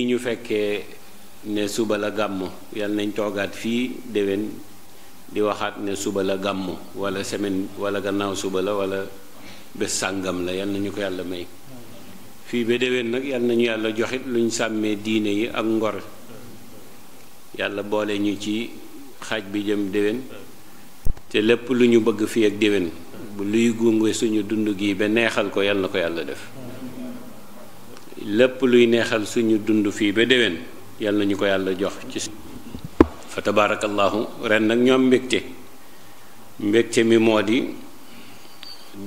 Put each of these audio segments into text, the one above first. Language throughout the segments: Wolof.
li ñu fekkee ne suba la gàmmu yal nañ toogaat fii déwén di waxaat ne suba la gàmmu wala semaine wala gannaaw suba la wala bés sàngam la yal nañu ko yàlla may fii ba déwén nag yal nañu yàlla joxit luñ sàmmee diine yi ak ngor yàlla boole ñu ci xaaj bi jëm déwén te lépp lu ñu bëgg fii ak déwén bu luy gunge suñu dund gi ba neexal ko yal na ko yàlla def lépp luy neexal suñu dund fii ba déwén yàlla nañu ko yàlla jox ci fa tabaarakallaahu ren nag ñoom mbégte mbégte mi moo di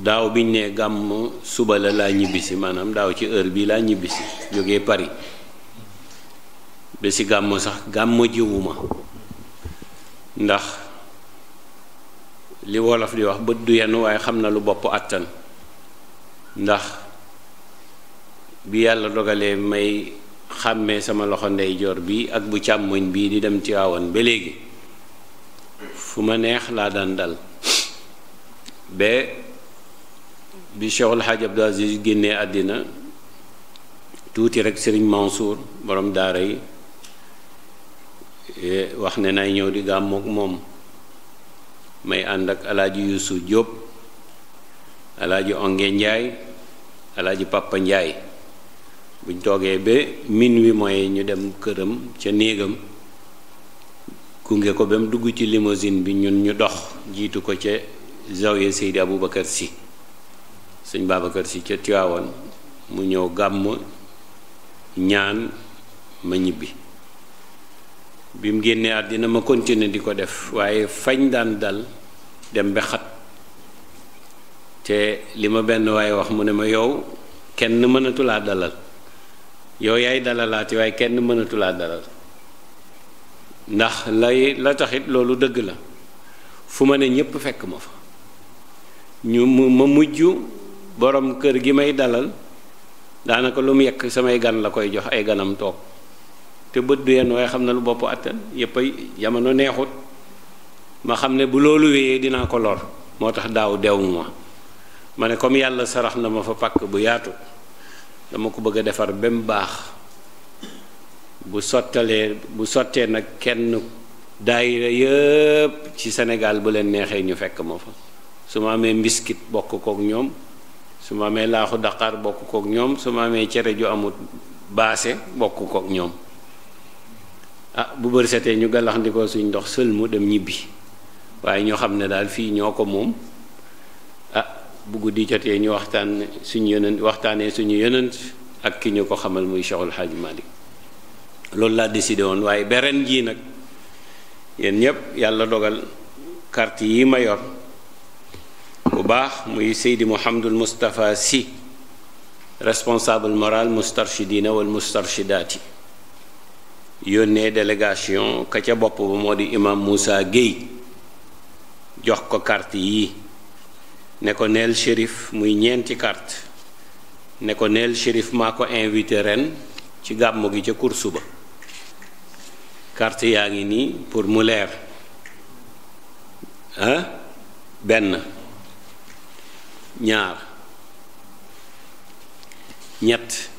daaw biñ ne gàmm suba la laa ñibbisi maanaam daaw ci heure bii laa ñibbisi jógee Paris ba si gàmm sax gàmm jiwuma ndax li wolof di wax bët du yenn waaye xam na lu bopp àttan ndax bi yàlla dogalee may xàmmee sama loxo ndeyjoor bi ak bu càmmoñ bii di dem Tiwaawan ba léegi fu ma neex laa daan dal ba bi Cheikhul Hadj Abdou Aziz génnee àddina tuuti rek Serigne Mansour borom daara yi eh, wax ne nay ñëw di gàmmook moom may ànd ak alaaji Yuusu Jóob alaaji Onge Njaay alaaji Papa Njaay buñ toogee ba miin wi mooy ñu dem këram ca néegam gunge ko ba mu dugg ci limosine bi ñun ñu dox jiitu ko ca zawiya Seydi Aboubacar si sëñ Babacar si ca Tiwaawan mu ñëw gàmm ñaan ma ñibbi bi mu génnee dina ma continuer di ko def waaye fañ daan dal dem bi xat te li ma benn waaye wax mu ne ma yow kenn mënatulaa dalal yow yaay dalalaati waaye kenn mënatulaa dalal ndax lay la taxit loolu dëgg la fu ma ne ñépp fekk ma fa ñu mu ma mujj borom kër gi may dalal daanaka lum yekk samay gan la koy jox ay ganam toog te bët du yenn waaye xam na lu bopp attan yépp yamano jamono neexut ma xam ne bu loolu wéyee dinaa ko lor moo tax daaw deewu ma ne comme yàlla sarax na ma fa pàkk bu yaatu dama ko bëgg a defar ba mu baax bu sottalee bu sottee nag kenn daayira yëpp ci Sénégal bu leen neexee ñu fekk ma fa su ma amee mbiskit bokk kook ñoom su ma amee laaxu daqaar bokk kook ñoom su ma amee cere ju amut baase bokk kook ñoom ah bu bëri setee ñu gàllaxndikoo suñ ndox sël mu dem ñibbi waaye ñoo xam ne daal fii ñoo ko moom bu guddi jotee ñu waxtaan suñu yonent waxtaanee suñu yonent ak ki ñu ko xamal muy Cheikhul Hadji Malick loolu laa décidé woon waaye beren jii nag yéen ñëpp yàlla dogal carte yi ma bu baax muy Seydi Mouhamadul Moustapha Sy responsable moral mustarshidina wal mustarshidaati yónnee délégation ka ca bopp ba moo di imam Moussa Guèye jox ko carte yi ne ko neel shérif muy ñeenti kart ne ko neel shérif maa ko invité ren ci gàmmu gi ca kursu ba carte yaa ngi nii pour mu leer ah benn ñaar ñett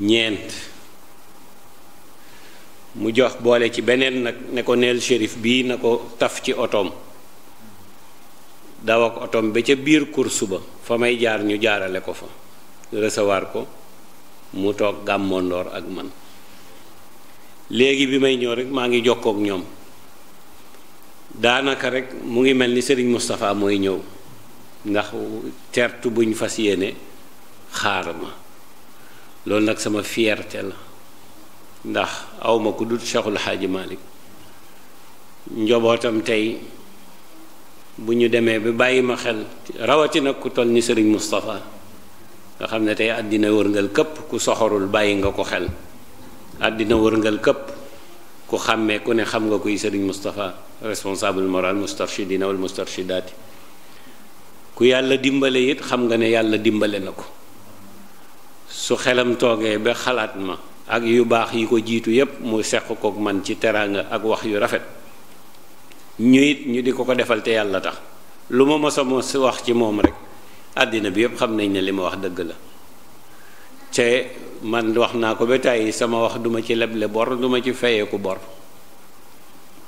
ñeent mu jox boole ci beneen nag ne ko neel shérif bii na ko taf ci otoom daw ak otom ba ca biir course ba fa may jaar ñu jaarale ko fa recevoir ko mu toog gàmmondoor ak man léegi bi may ñëw rek maa ngi jokkook ñoom daanaka rek mu ngi mel ni Serigne mustafaa mooy ñëw ndax tertu buñ fas yéene xaar ma loolu nag sama fierté la ndax awma ku dut Cheikhul Xaaji Malick njobootam tey bu ñu demee ba bàyyi ma xel rawatina ku toll ni sëriñ Moustapha nga xam ne tey àddina wërngal këpp ku soxorul bàyyi nga ko xel àddina wërngal këpp ku xàmmee ku ne xam nga koy sëriñ Moustapha responsable moral mustarshidina wal mustarshidaati ku yàlla dimbale it xam nga ne yàlla dimbale na ko su xelam toogee ba xalaat ma ak yu baax yi ko jiitu yépp mu seq kook man ci teraanga ak wax yu rafet ñu it ñu di ko ko defal te yàlla tax lu ma mos a mos wax ci moom rek àddina bi yëpp xam nañ ne li ma wax dëgg la te man wax naa ko ba tàyyi sama wax duma ci leble bor duma ci feyeeku bor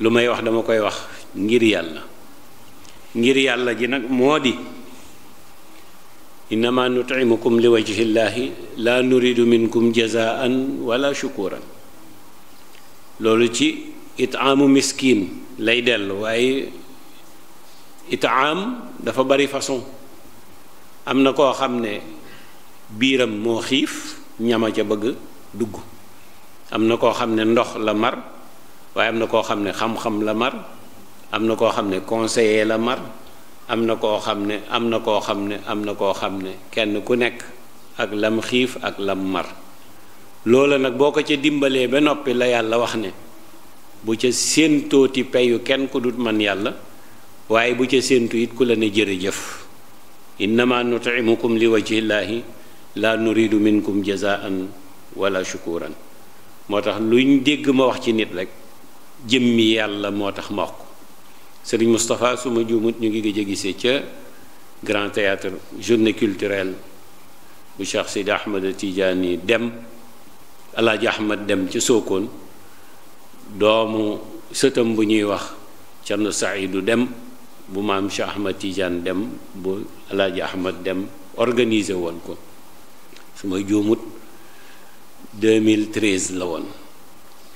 lu may wax dama koy wax ngir yàlla ngir yàlla ji nag moo di innama nutimukum li wajhillahi la nuridu minkum jazaan walla shukuran loolu ci itaamu miskin lay dellu waaye itaam dafa bari façon am na koo xam ne biiram moo xiif ñama ca bëgg dugg am na koo xam ne ndox la mar waaye am na koo xam ne xam-xam la mar am na koo xam ne conseiller la mar am na koo xam ne am na koo xam ne am na koo xam ne kenn ku nekk ak lam xiif ak lam mar loola nag boo ko ca dimbalee ba noppi la yàlla wax ne bu ca séentooti peyu kenn ku dut man yàlla waaye bu ca séentu it ku la ne jërëjëf innama nutimukum li wajhillaahi la nuridu minkum jazaan wala shukuran moo tax luñ dégg ma wax ci nit rek jëmmi yàlla moo tax ma wax ko sëriñ Moustapha su ma juumut ñu ngi gëj a gisee ca grand théâtre journée culturelle bu Cheikh Sidi Ahmed Tidiane dem Alaaji Ahmed dem ca sookoon doomu sëtam bu ñuy wax Cerno Saidu Dem bu maam Cheikh Ahmad Tidiane Dem bu Alaaji Ahmad Dem organisé woon ko su ma juumut la woon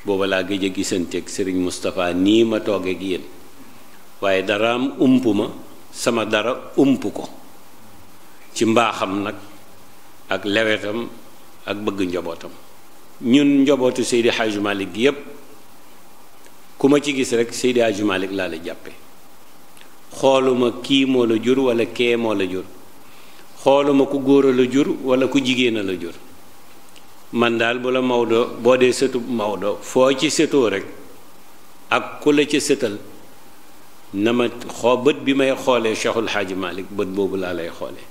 booba laa gëj a gisanteeg sëriñ Moustapha nii ma toog ak yéen waaye daraam ump ma sama dara ump ko ci mbaaxam nag ak lewetam ak bëgg njobootam ñun njobootu Seydi Hadj gi yépp ku ma ci gis rek Seydi Hadji malik laa la jàppe xooluma kii moo la jur wala kee moo la jur xooluma ku góor jur wala ku jigéen la jur man daal bu la Maodo boo dee sëtu Maodo foo ci sëtoo rek ak ku la ca sëtal na ma xoo bët bi may xoolee Cheikhul Hadji malik bët boobu laa lay xoolee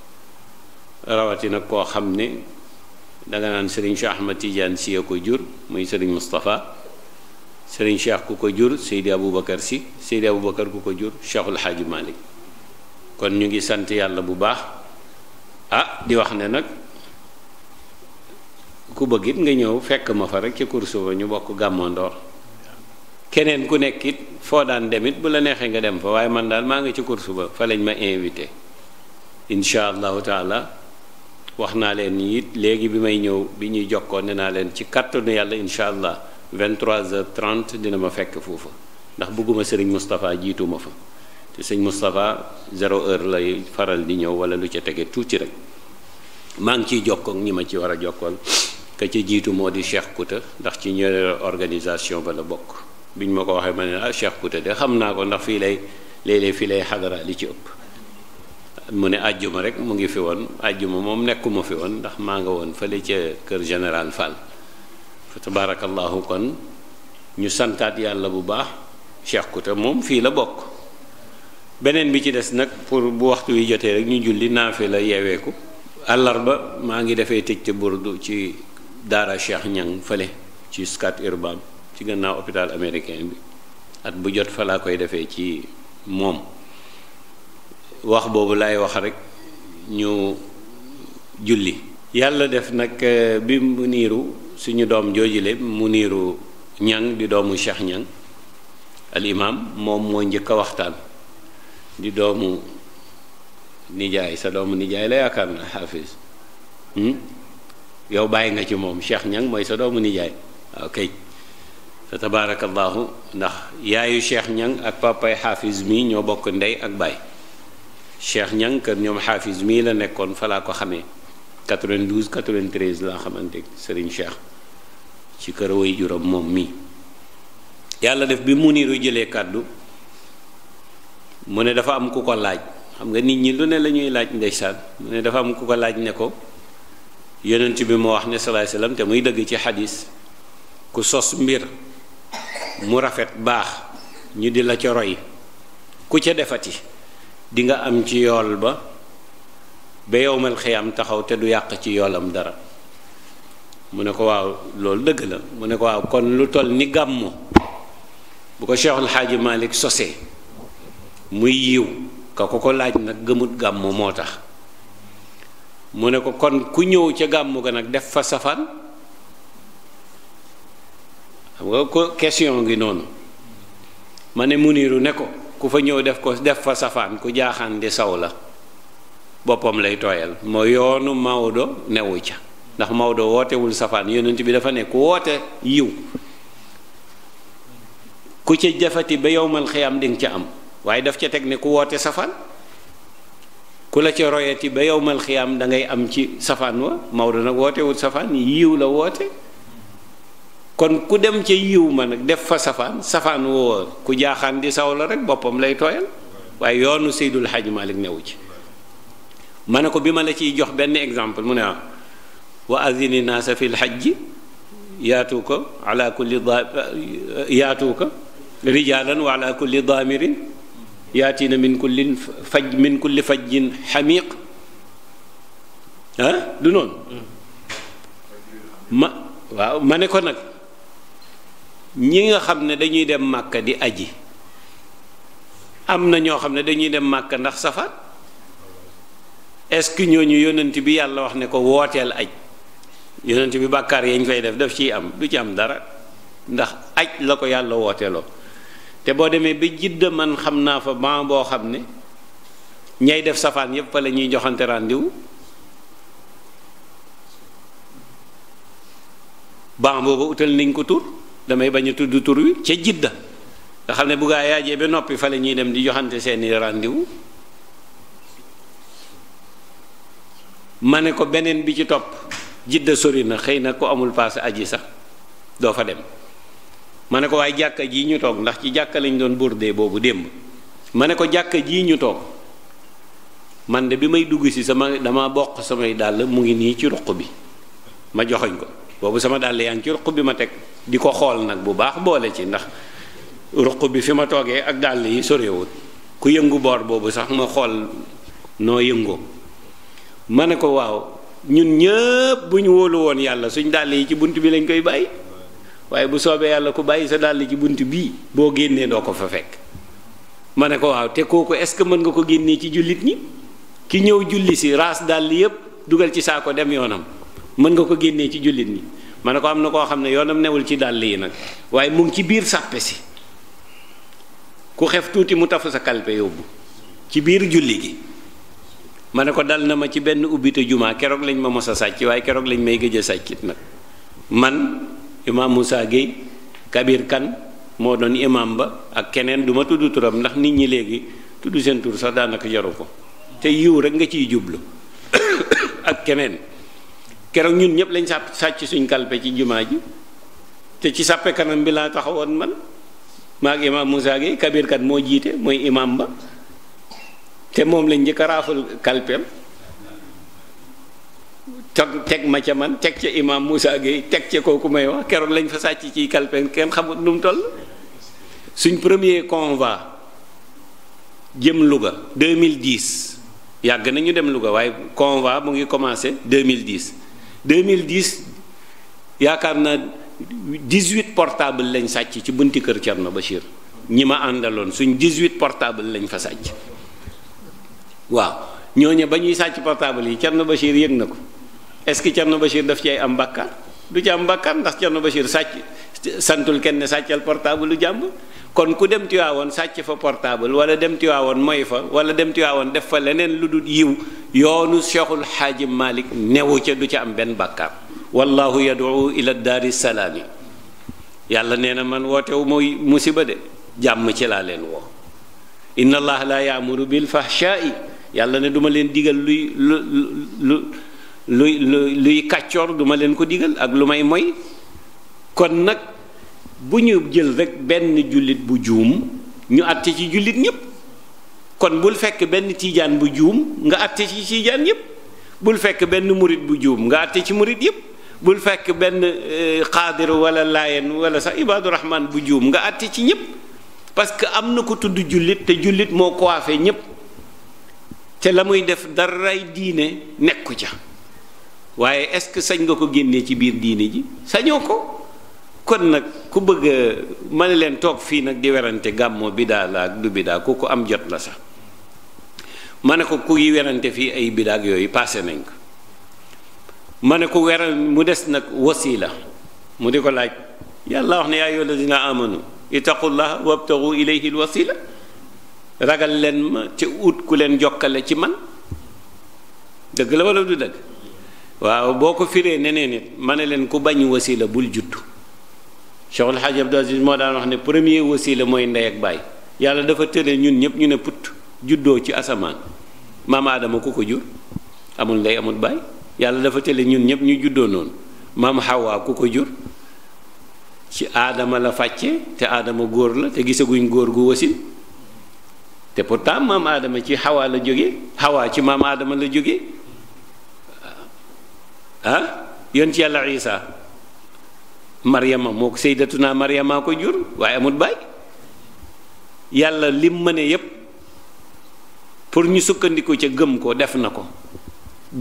rawatina koo xam ne danga naan Serigne Cheikh Ahmad Tidiane Sy ko jur muy Serigne Mustapha sëriñ cheikh ku ko jur seydi aboubacar si seydi aboubacar ku ko jur cheikhul xaaji malik kon ñu ngi sant yàlla bu baax ah di wax ne nag ku bëgg it nga ñëw fekk ma fa rek ci kursu ba ñu bokk gàmmandoor keneen ku nekk it foo daan demit it bu la neexee nga dem fa waaye man daal maa ngi ci kursu ba fa lañ ma invité incha allahu taala wax naa leen it léegi bi may ñëw bi ñuy jokkoon ne naa leen ci kàttanu yàlla incha allah 23 heures 30 dina ma fekk foofa ndax bëgguma sëriñ Moustapha jiitu ma fa te sëñ Moustapha zéro heure lay faral di ñëw wala lu ca tege tuuti rek maa ngi ciy jokkoog ñi ma ci war a jokkool ka ca jiitu moo di Cheikh Kouta ndax ci ñëre organisation ba la bokk bi ñu ma ko waxee ma ne ah Cheikh Kouta de xam naa ko ndax fii lay léeg fii lay xadara li ci ëpp mu ne àjjuma rek mu ngi fi woon àjjuma moom nekkuma fi woon ndax maa nga woon fële ca kër général Fall fa kon ñu santaat yàlla bu baax Cheikh Kouta moom fii la bokk beneen bi ci des nag pour bu waxtu wi jotee rek ñu julli naafi la yeeweeku àllarba maa ngi defee tëj te burdu ci daara Cheikh Ñang fële ci Scat Urbam ci gannaaw hôpital americain bi at bu jot fa laa koy defee ci moom wax boobu lay wax rek ñu julli yàlla def nag eh, bi mu niiru suñu doom joojule mu niiru ñan di doomu Cheikh ñan al moom moo njëkk a waxtaan di doomu nijaay sa doomu nijaay la yaakaar na xaafis hmm? yow bàyyi nga ci moom Cheikh ñan mooy sa doomu nijaay waaw ah, kay fa tabaarakallaahu ndax yaayu Cheikh ñang ak papay xaafis mii ñoo bokk ndey ak baay Cheikh ñan kër ñoom xaafis mii la nekkoon falaa ko xamee 92 93 laa xamante Serigne Cheikh ci kër way juróom moom mii yàlla def bi mu niiru jëlee kàddu mu ne dafa am ku ko laaj xam nga nit ñi lu ne la ñuy laaj ndeysaan mu ne dafa am ku ko laaj ne ko yonent bi moo wax ne salaay salaam te muy dëgg ci xadis ku sos mbir mu rafet baax ñu di la ca roy ku ca defati di nga am ci yool ba ba yowmal xiyam taxaw te du yàq ci yoolam dara mu ne ko waaw loolu dëgg la mu ne ko waaw kon lu toll ni gàmmu bu ko Cheikhul Xaaji Malik sose muy yiw ka ko ko laaj nag gëmut gàmmu moo tax mu ne ko kon ku ñëw ca gàmmu ga nag def fa safaan xam nga ko question gi noonu ma ne Muniru ne ko ku fa ñëw def ko def fa safaan ku jaaxaan di saw la boppam lay tooyal moo yoonu Maodo newu ca ndax Maodo wootewul safaan yonent bi dafa nekk woote yiw ku ca jafati ba yowmal xiyaam di nga ca am waaye daf ca teg ne ku woote safaan ku la ca royati ba yowmal xiyaam da ngay am ci safaan wa Maodo nag wootewul safaan yiw la woote kon ku dem ca yiw ma nag def fa safaan safaan woo ku jaaxaan di saw la rek boppam lay tooyal waaye yoonu Seydul Xaaj Maalik newu ci ma ne ko bi ma la ciy jox benn exemple mu ne ah wa azini naasa yaatu ko ala ko rijaalan wa ala kulli daamirin yaatiina min kulli faj ah, ma waaw ma ne ko nag ñi nga xam ne dañuy dem màkka di aji am na ñoo xam ne dañuy dem màkka ndax safaat est-ce ñooñu yonent bi yàlla wax ne ko wooteel aj yonant bi bàkkaar yañ fay def def ciy am du ci am dara ndax aj la ko yàlla wooteeloo te boo demee ba jidda man xam naa fa ban boo xam ne ñay def safaan yépp fa la ñuy joxante rendez-vous ban boobu utal nañ ko tur damay bañ a tudd tur wi ca jidda nga xam ne bu gaa jee ba noppi fa la ñuy dem di joxante seeni rendez ma ne ko beneen bi ci topp jidda sori na xëy na ko amul paas aji sax doo fa dem ma ne ko waaye jàkka jii ñu toog ndax ci jàkka lañ doon burdee boobu démb ma ne ko jàkka jii ñu toog man de bi may dugg si sama dama boq samay dàll mu ngi nii ci ruq bi ma joxoñ ko boobu sama dàll yaa ngi ci ruq bi ma teg di ko xool nag bu baax boole ci ndax ruq bi fi ma toogee ak dàll yi sorewut ku yëngu boor boobu sax ma xool noo yëngoo ma ne ko waaw ñun ñëpp bu ñu wóolu woon yàlla suñ dàll yi ci bunt bi lañ koy bàyyi waaye bu soobee yàlla ku bàyyi sa dàll ci bunt bii boo génnee doo ko fa fekk ma ne ko waaw te kooku est-ce que mën nga ko génnee ci jullit ñi ki ñëw julli si raas dàll yépp dugal ci saako dem yoonam mën nga ko génnee ci jullit ñi ma ne ko am na koo xam ne yoonam newul ci dàll yi nag waaye mu ngi ci biir sàppe si ku xef tuuti mu tafu sa kalpe yóbbu ci biir julli gi ma ne ko dal na ma ci benn ubbite jumaa keroog lañ ma mos a sàcc waaye keroog lañ may gëj a sàccit nag man imaam Moussa Gueye Kabir Kan moo doon imaam ba ak keneen du tudd turam ndax nit ñi léegi tudd seen tur daanaka jaru ko te yiw rek nga ciy jublu ak keneen keroog ñun ñëpp lañ sàpp sàcc suñ kalpe ci jumaa ji te ci sàppe kanam bi laa taxawoon man maag imaam Moussa Gueye Kabir Kan moo jiite mooy imaam ba te moom lañ njëkk a raafal kalpem teg ma ca man teg ca imam Moussa Gueye teg ca kooku may wax keroon lañ fa sàcc ci kalpem kenn xamut nu mu toll suñ premier convoi jëm Louga 2010 yàgg nañu dem Louga waaye convoi mu ngi commencé 2010 2010 yaakaar naa 18 portable lañ sàcc ci bunti kër Thierno Bachir ñi ma àndaloon suñ 18 portable lañ fa sàcc waaw ñooñu ba ñuy sàcc portable yi Thierno Bachir yëg na ko est-ce que Thierno Bachir daf ci ay am bàkkaar du ci am bàkkaar ndax Thierno Bachir sàcc santul kenn ne sàccal portable lu jàmb kon ku dem Tiwaawoon sàcc fa portable wala dem Tiwaawoon mooy fa wala dem Tiwaawoon def fa leneen lu dul yiw yoonu Cheikhul Xaaji Malik newu ca du ci am benn bàkkaar wallahu yad'u ila daari salaami yàlla nee na man wootewu mooy musiba de jàmm ci laa leen woo inna allaha la yàlla ne duma leen digal luy lu lu luy luy kàccoor duma leen ko digal ak lu may moy kon nag bu ñu jël rek benn jullit bu juum ñu àtte ci jullit ñépp kon bul fekk benn tiijaan bu juum nga àtte ci tiijaan yépp bul fekk benn murit bu juum nga àtte ci murit yépp bul fekk benn eh, xaadir wala laayen wala sa ibaadu rahmaan bu juum nga àtte ci ñépp parce que am na ko tudd jullit te jullit moo coiffé ñépp te la muy def daray diine nekku ca waaye est-ce sañ nga ko génne ci biir diine ji sañoo ko kon nag ku bëgg a ma ne leen toog fii nag di werante gàmmoo bidaa la ak du bidaa ku ko am jot la sax ma ne ko ku yi werante fii ay bidaa ak yooyu passé nañ ko ma ne ko weral mu des nag wasila mu di ko laaj yàlla wax ne yaa ayyuhal lazina amanu ittaqullaha wabtagu ilayhi alwasila ragal leen ma ci ut ku leen jokkale ci man dëgg la wala du dëgg waaw boo ko firee neneen nit ma ne leen ku bañ wasila bul juttu Cheikhul Hadj Abdou Aziz moo daan wax ne premier wasila mooy ndey ak baay yàlla dafa tëddee ñun ñëpp ñu ne put juddoo ci asamaan maam Adama ku ko jur amul ndey amul baay yàlla dafa tële ñun ñëpp ñu juddoo noonu maam xawaa ku ko jur ci aadama la fàcce te aadama góor la te gisaguñ góor gu wasil te pourtant maam aadama ci xawaa la jóge xawaa ci maam aadama la jóge ah, ah yoon ci yàlla isa maryama moo ko sayyidatuna maryama ko jur waaye amul baay yàlla lim mëne yépp pour ñu sukkandiku ca gëm ko def na ko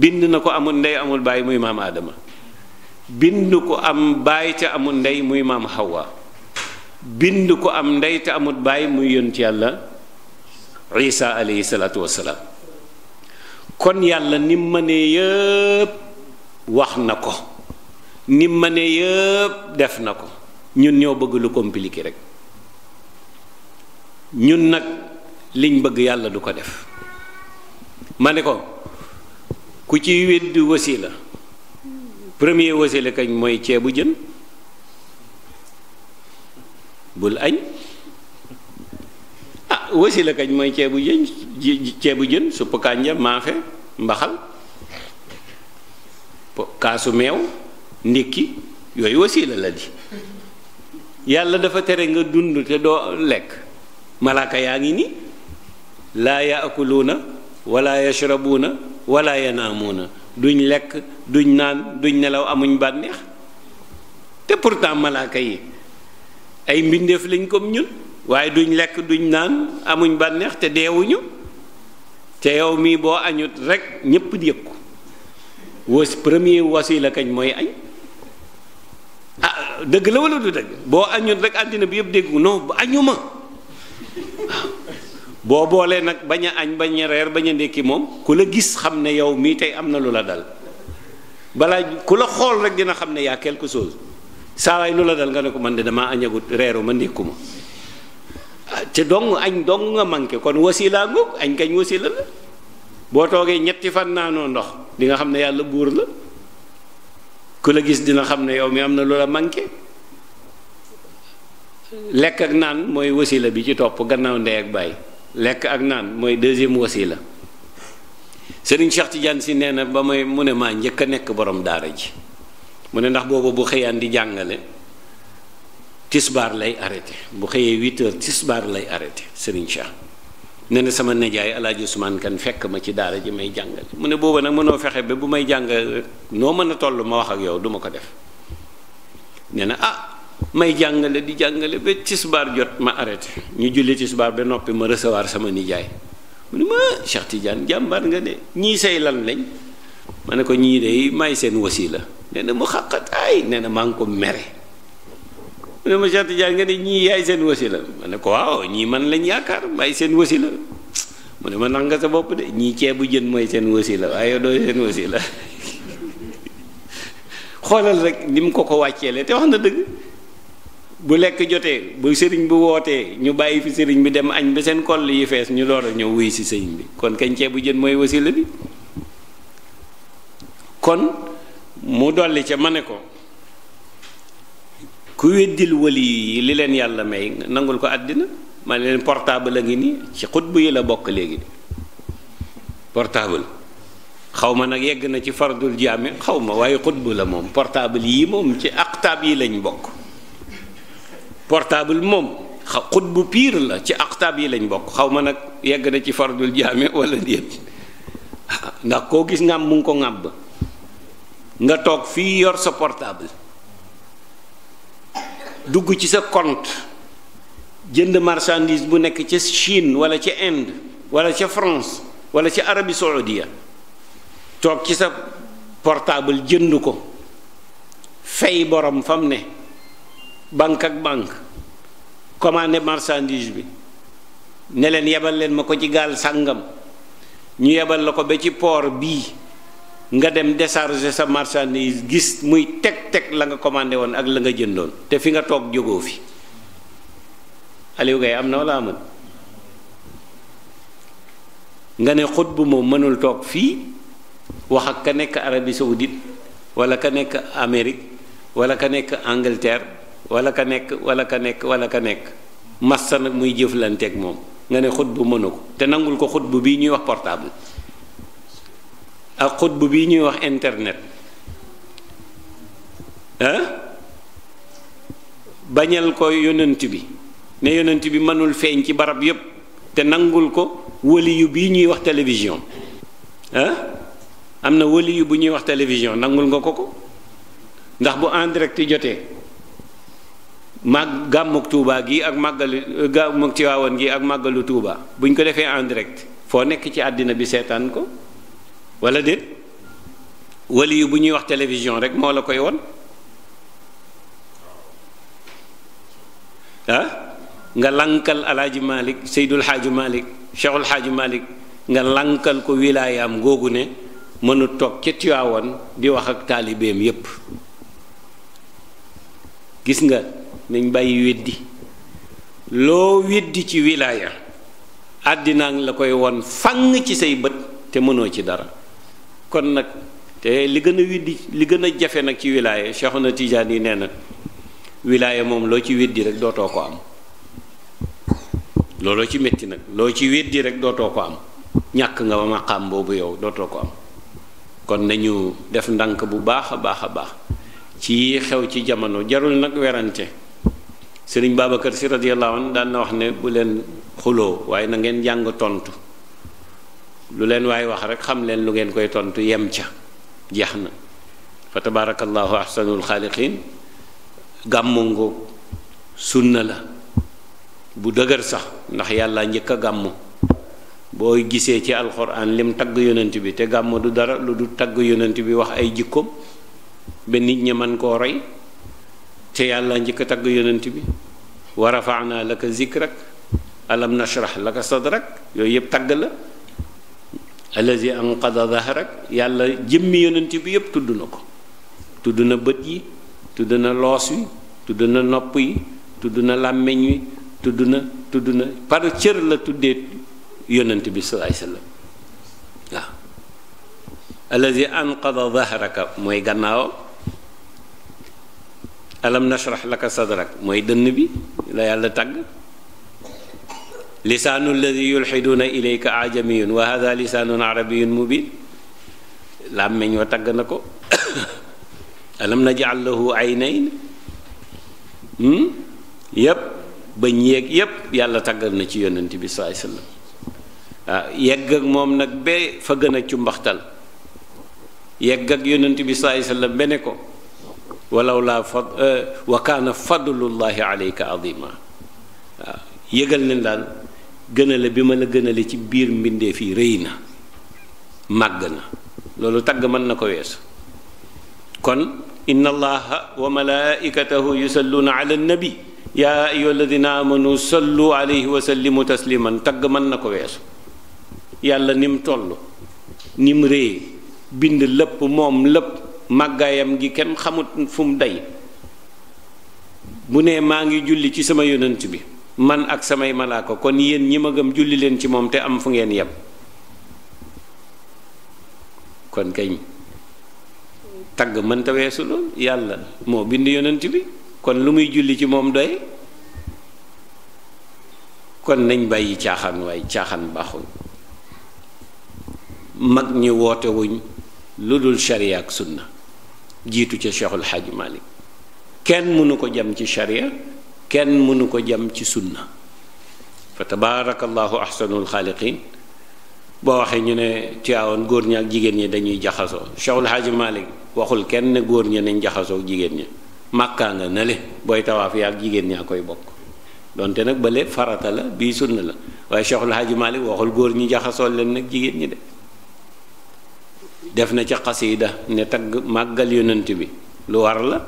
bind na ko amul ndey amul baay muy maam aadama bind ko am baay te amul ndey muy maam xawaa bind ko am ndey te amul baay muy yoon ci yàlla isa alayhi salaatu wasalaam kon yàlla ni mu mënee yëpp wax na ko ni mu mënee def na ko ñun ñoo bëgg lu compliqué rek ñun nag liñ bëgg yàlla du ko def ma ne ko ku ci weddi wasila premier wasila kañ mooy ceebu jën bul añ wasila kañ mooy ceebu jën ceebu jën suppu kànja maafe mbaxal kaasu meew ndikki yooyu wasila la di yàlla dafa tere nga dund te doo lekk malaaka yaa ngi nii laa yaakuluuna wala yashrabuuna wala yanaamuuna duñ lekk duñ naan duñ nelaw amuñ bànneex te pourtant malaaka yi ay mbindeef lañ comme ñun waaye duñ lekk duñ naan amuñ bànneex te deewuñu te yow mii boo añut rekk ñépp di yëg was premier wasila kañ mooy añ ah dëgg la wala du dëgg boo añut rek àddina bi yëpp déggu non bu añu ma boo boolee nag bañ a añ bañ a reer bañ a ndékki moom ku la gis xam ne yow mii tey am na lu la dal balaa ku la xool rek dina xam ne yaa quelque chose saa waay lu la dal nga ne ko man de damaa añagut reeru ma ndékku ma te dong añ dong nga manqué kon wasila ngoog añ kañ wasila la boo toogee ñetti fan naanoo ndox di nga xam ne yàlla buur la ku la gis dina xam ne yow mi am na lu la manqué lekk ak naan mooy wasila bi ci topp gannaaw ndey ak bàyyi lekk ak naan mooy deuxième wasila Serigne Cheikh Tidiane si nee na ba may mu ne maa njëkk a nekk borom daara ji mu ne ndax boobu bu xëyaan di jàngale tisbaar lay arrêté bu xëyee huit heures tisbaar lay arrêté Serigne Cheikh ne na sama nijaay alaaji Ousmane kan fekk ma ci daara ji may jàngale mu ne booba nag mënoo fexe ba bu may jàng noo mën a toll ma wax ak yow duma ko def nee na ah may jàngale di jàngale ba tisbaar jot ma arrêté ñu julli tisbaar ba noppi ma recevoir sama nijaay mu ne ma Cheikh Tidiane jàmbaar nga de ñii say lan lañ ma ne ko ñii de may seen wasila nee na mu xàqat ay nee na maa ngi ko mere mu ne ma Cheikh Tidiane nga ne ñii yaay seen wasila ma ne ko waaw ñii man lañ yaakaar may seen wasila mu ne ma nax nga sa bopp de ñii ceebu jën mooy seen wasila waaye doo seen wasila xoolal rek ni mu ko ko wàccee le te wax na dëgg bu lekk jotee bu sëriñ bu wootee ñu bàyyi fi sëriñ bi dem añ ba seen koll yi fees ñu door a ñëw wuy si sëriñ bi kon kañ ceebu jën mooy wasila bi kon mu dolli ca ma ne ko ku weddil wali li leen yàlla may nangul ko àddina ma leen portable a ngi nii ci xutbu yi la bokk léegi portable xaw ma nag yegg na ci fardul jaami xaw ma waaye xutbu la moom portable yii moom ci aqtaab lañ bokk portable moom xa xutbu piir la ci aqtaab yi lañ bokk xaw ma nag yegg na ci fardul jaami walla déet ndax koo gis nga mu ngi ko ŋàbb nga toog fii yor sa portable dugg ci sa compte jënd marchandise bu nekk ca Chine wala ca Inde wala ca France wala ca Arabie Saoudia toog ci sa portable jënd ko fay borom fam ne banque ak banque commandé marchandise bi ne leen yebal leen ma ko ci gaal sàngam ñu yebal la ko ba ci poor bii nga dem décharger sa marchandise gis muy teg teg la nga commandé woon ak la nga jëndoon te fi nga toog jógoo fi Aliou Gaye am na wala amul nga ne xut bu moom mënul toog fii wax ak ka nekk Arabie Saoudite wala ka nekk Amérique wala ka nekk Angleterre wala ka nekk wala ka nekk wala ka nekk massa nag muy jëflanteeg moom nga ne xut bu mënu ko te nangul ko xut bu bii ñuy wax portable ak xutb bi ñuy wax internet ah bañal ko yonent bi ne yonent bi mënul feeñ ci barab yépp te nangul ko waliyu bii ñuy wax télévision am na waliyu bu ñuy wax télévision nangul nga ko ko ndax bu en direct jotee mag gàmmuk tuubaa gi ak màggalu gàmmuk Tiwaawan gi ak màggalu tuubaa buñ ko defee en foo nekk ci àddina bi seetaan ko wala déet wali bu ñuy wax télévision rek moo la koy won ah nga lankal alaaji malik seydul xaaji malik cheikhul xaaji malik nga lankal ko wilaayaam googu ne mënut toog ca Tiwaawan di wax ak taalibeem yépp gis nga nañ bàyyi weddi loo weddi ci wilaaya àddinaa ngi la koy won fang ci say bët te mënoo ci dara kon nag te li gën a widdi li gën a jafe nag ci wilaya Cheikhuna tiijaan yi nee na wilaya moom loo ci weddi rek dootoo ko am looloo ci metti nag loo ci weddi rek dootoo ko am ñàkk nga ba maqaam boobu yow dootoo ko am kon nañu def ndànk bu baax a baax a baax ci xew ci jamono jarul nag werante sëriñ Babacar si radiyallahu anhu daan na wax ne bu leen xuloo waaye na ngeen jàng tontu lu leen waay wax rek xam leen lu ngeen koy tontu yem ca jeex na fa tabaarakallaahu ahsanul xaaliqiin gàmmu ngoog sunna la bu dëgër sax ndax yàlla njëkk a gàmmu boo gisee ci alxuraan lim tagg yonant bi te gàmmu du dara lu du tagg yonant bi wax ay jikkoom ba nit ñi mën koo rey te yàlla njëkk a tagg yonant bi wa rafaanaa laka zikrak alam nashrah sod sadrak yooyu yëpp tagg la allazi anqada dahrak yàlla jëmmi yonent bi yépp tudd na ko tudd na bët yi tudd na loos wi tudd na nopp yi tudd na làmmiñ wi tudd na tudd na par cër la tuddee yonent bi sallallahu alayhi wasallam waaw allazi anqada dahraka mooy gannaaw alam nashrah laka sadrak mooy dënn bi la yàlla tàgg lisaanu alladi yulxiduuna ilayka ajamiyun wa hada lisaanun arabiyun mubin làmmeñ wa tagg na ko alam najal lahu aynayn yépp bañ yéeg yépp yàlla taggal na ci yonent bi saai sallam waaw yegg ak moom nag ba fa gën a cu mbaxtal yegg ak yonent bi saai sallam ba ne ko walaw laa fad wa kaana fadlullahi alayka azima waaw yëgal ne daal gënale bi ma la gënale ci biir mbindeef yi rëy na màgg na loolu tagg mën na ko weesu kon inna allaha wa malaikatahu yusalluuna ala nabi yaa ayyuha alladina amanu sallu alayhi tasliman tagg mën na ko weesu yàlla ni mu toll ni mu rëy bind lépp moom lépp màggaayam gi kenn xamut fu mu day bu ne maa ngi julli ci sama yonent bi man ak samay malaaka kon yéen ñi ma gëm julli leen ci moom te am fu ngeen yem kon kañ tagg mënta weesu lool yàlla moo bind yonant bi kon lu muy julli ci moom doy kon nañ bàyyi caaxaan waay caaxaan baaxul mag ñi wootewuñ lu dul sharia ak sunna jiitu ca Cheikhul Xaaji kenn mënu ko jam ci sharia kenn mënu ko jam ci sunna fa tabaarakallaahu ahsanul xaaliqiin boo waxee ñu ne Tiwaawan góor ñi jigéen ñi dañuy jaxasoo Cheikhul Haaji Malik waxul kenn góor ñi nañ jaxasoo jigéen ñi màkkaa nga nale booy tawaaf yaa ak jigéen ñaa koy bokk donte nag bële farata la bii sunna la waaye Cheikhul Haaji Malik waxul góor ñi jaxasoo leen nag jigéen ñi de def na ca xasiida ne tagg màggal yonent bi lu war la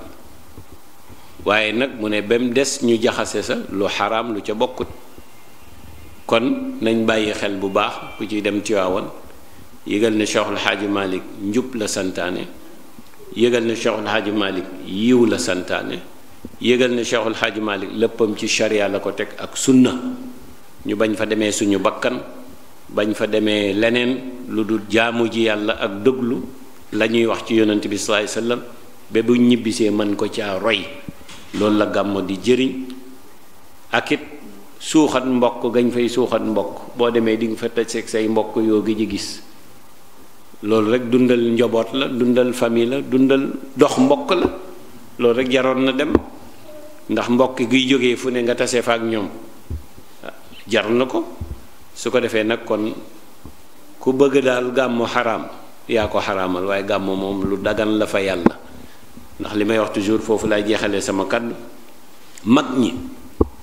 waaye nag mu ne ba mu des ñu jaxase sa lu xaraam lu ca bokkut kon nañ bàyyi xel bu baax ku ciy dem Tiwaawan yëgal ne Cheikhul xaaju Malik njub la santaane yëgal ne Cheikhul Xaaji Malik yiw la santaane yëgal ne Cheikhul Xaaji Malik léppam ci charia la ko teg ak sunna ñu bañ fa demee suñu bakkan bañ fa demee leneen lu dul jaamu ji yàlla ak dëglu la ñuy wax ci yonent bi sallallahu alayhi ba bu ñibbisee mën ko ca roy loolu la gàmmo di jëriñ ak it suuxat mbokk gañ fay suuxat mbokk boo demee di nga fa taseeg say mbokk yoo gi ji gis loolu rek dundal njoboot la dundal famille la dundal dox mbokk la loolu rek jaroon na dem ndax mbokk giy jógee fu ne nga tase fa ak ñoom ah, jar na ko su ko defee nag kon ku bëgg daal gàmmu xaraam yaa ko xaraamal waaye gàmmu moom lu dagan la fa yàlla ndax li may wax toujours foofu laay jeexalee sama kàddu mag ñi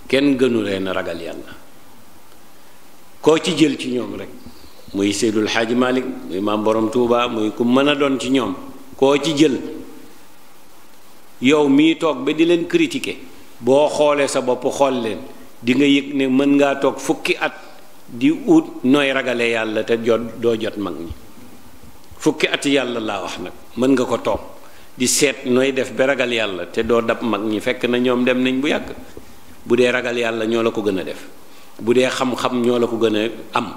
kenn gënu leen ragal yàlla koo ci jël ci ñoom rek muy Seydul Xaaji Malik muy maam borom Touba muy ku mën a doon ci ñoom koo ci jël yow mii toog ba di leen critiquer boo xoolee sa bopp xool leen di nga yëg ne mën ngaa toog fukki at di ut nooy ragale yàlla te jot doo jot mag ñi fukki at yàlla laa wax nag mën nga ko toog di seet nooy def bi ragal yàlla te doo dab mag ñi fekk na ñoom dem nañ bu yàgg bu dee ragal yàlla ñoo la ko gën a def bu dee xam-xam ñoo la ko gën a am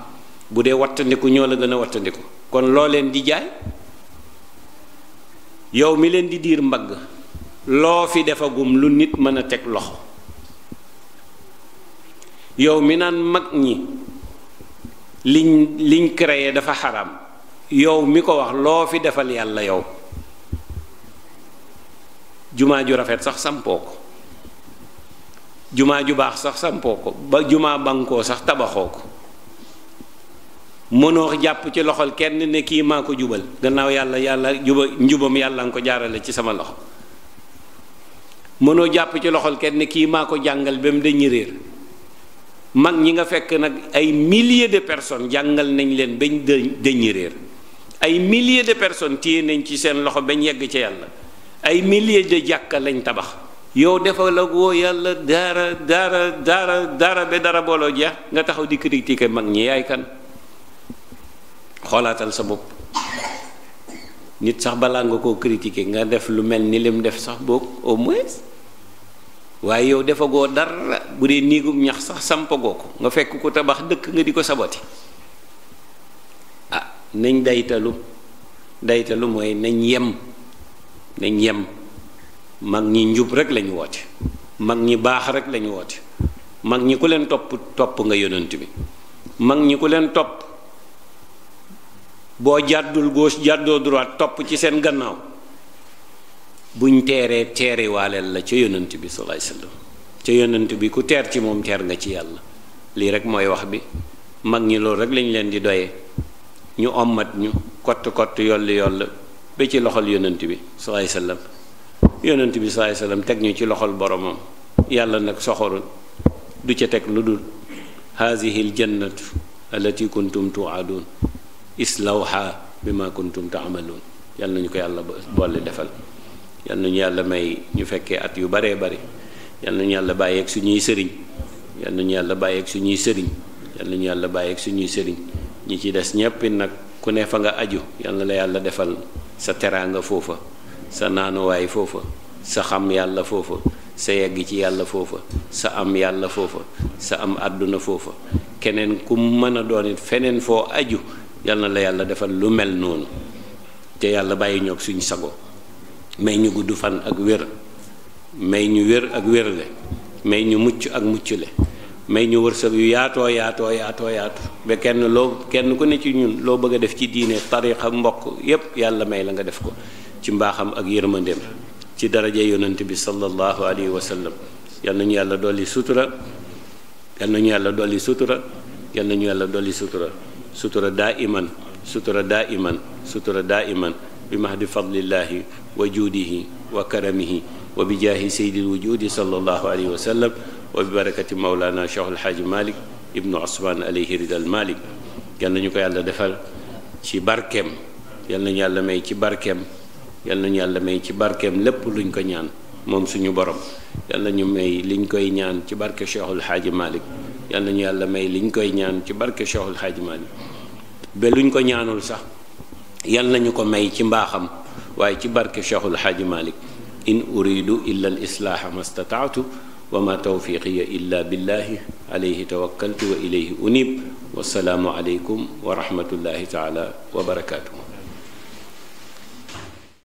bu dee wattandiku ñoo la gën a wattandiku kon loo leen di jaay yow mi leen di diir mbagg loo fi defagum lu nit mën a teg loxo yow mi naan mag ñi liñ liñ créé dafa xaram yow mi ko wax loo fi defal yàlla yow jumaa ju rafet sax sampoo ko jumaa ju baax sax sampoo ko ba jumaa bankoo sax tabaxoo ko mënoo jàpp ci loxol kenn ne kii maa ko jubal gannaaw yàlla yàlla juba njubam yàlla nga ko jaarale ci sama loxo mënoo jàpp ci loxol kenn ne kii maa ko jàngal ba mu dañu réer mag ñi nga fekk nag ay milliers de personne jàngal nañ leen bañ dañu réer ay milliers de personne téye nañ ci seen loxo bañ yegg ca yàlla ay millier de jàkka lañ tabax yow defalagoo yàlla dara dara dara dara ba dara booloo jeex nga taxaw di critiquer mag ñi yaay kan xoolaatal sa bopp nit sax balaa nga koo critiquer nga def lu mel ni lim def sax boog au moins waaye yow defagoo dara bu dee niigum ñax sax sampagoo ko nga fekk ko tabax dëkk nga di ko sabati ah nañ daytalu daytalu mooy nañ yem ne yem mag ñi njub rek lañu woote mag ñi baax rek lañu woote mag ñi ku leen topp topp nga yonent bi mag ñi ku leen topp boo jàddul gauche jàddoo droite topp ci seen gannaaw buñ teeree teere waaleel la ca yonent bi sallallahu alayhi wasallam ca yonent bi ku teer ci moom teer nga ci yàlla lii rek mooy wax bi mag ñi loolu rek lañ leen di doyee ñu ommat ñu kott kott yoll yoll ba ci loxol yonent bi salaay sallam yonent bi salaay sallam teg ñu ci loxol boromam yàlla nag soxorul du ca teg lu dul haadihi aljannatu allati kuntum tuadun islawha bima kuntum taamaluun yàlla nañu ko yàlla boole defal yàlla nañu yàlla may ñu fekkee at yu baree bari yàlla nañu yàlla su ñuy sëriñ yàlla nañu yàlla bàyyeeg suñuy sëriñ yàlla nañu yàlla bàyyeeg suñuy sëriñ ñi ci des ñépp nag ku ne fa nga aju yàlla la yàlla defal sa teraanga foofa sa naanuwaay foofa sa xam yàlla foofa sa yegg ci yàlla foofa sa am yàlla foofa sa am àdduna foofa keneen ku mën a doon it feneen foo aju yal na la yàlla defal lu mel noonu te yàlla bàyyi ñoog suñ sago may ñu gudd fan ak wér may ñu wér ak wérle may ñu mucc ak mucc le may ñu wërsëg yu yaato yaatoo yaato yaatu ba kenn loo kenn ku ne ci ñun loo bëgg a def ci diine tarixa mbokk yépp yàlla may la nga def ko ci mbaaxam ak yërmandeem ci daraja yonent bi sallallahu alayhi wa sallam yal nañu yàlla dolli sutura yal nañu yàlla dolli sutura yal nañu yàlla dolli sutura sutura daa iman sutura daa iman sutura daa iman bi mahdi fadlillahi wa juudihi wa karamihi wa bi jaahi wujudi sallallahu alayhi wa sallam wa bi barakati mawlana cheikh alxaaji malik ibnu osman alayhi ridal malik yal nañu ko yàlla defal ci barkeem yal nañu yàlla may ci barkeem yal nañu yàlla may ci barkeem lépp luñ ko ñaan moom suñu borom yal nañu may liñ koy ñaan ci barke cheikh alxaaji malik yal nañu yàlla may liñ koy ñaan ci barke cheikh alxaaji malik ko ñaanul sax yal nañu ko may ci mbaaxam waaye ci barke cheikh alxaaji malik in uridu illa al islaaha ma stataatu wa ma tawfiqiya illa billahi alayhi tawakkaltu wa ilayhi unib wasalaamu aleykum wa rahmatullahi taala wa barakaatu.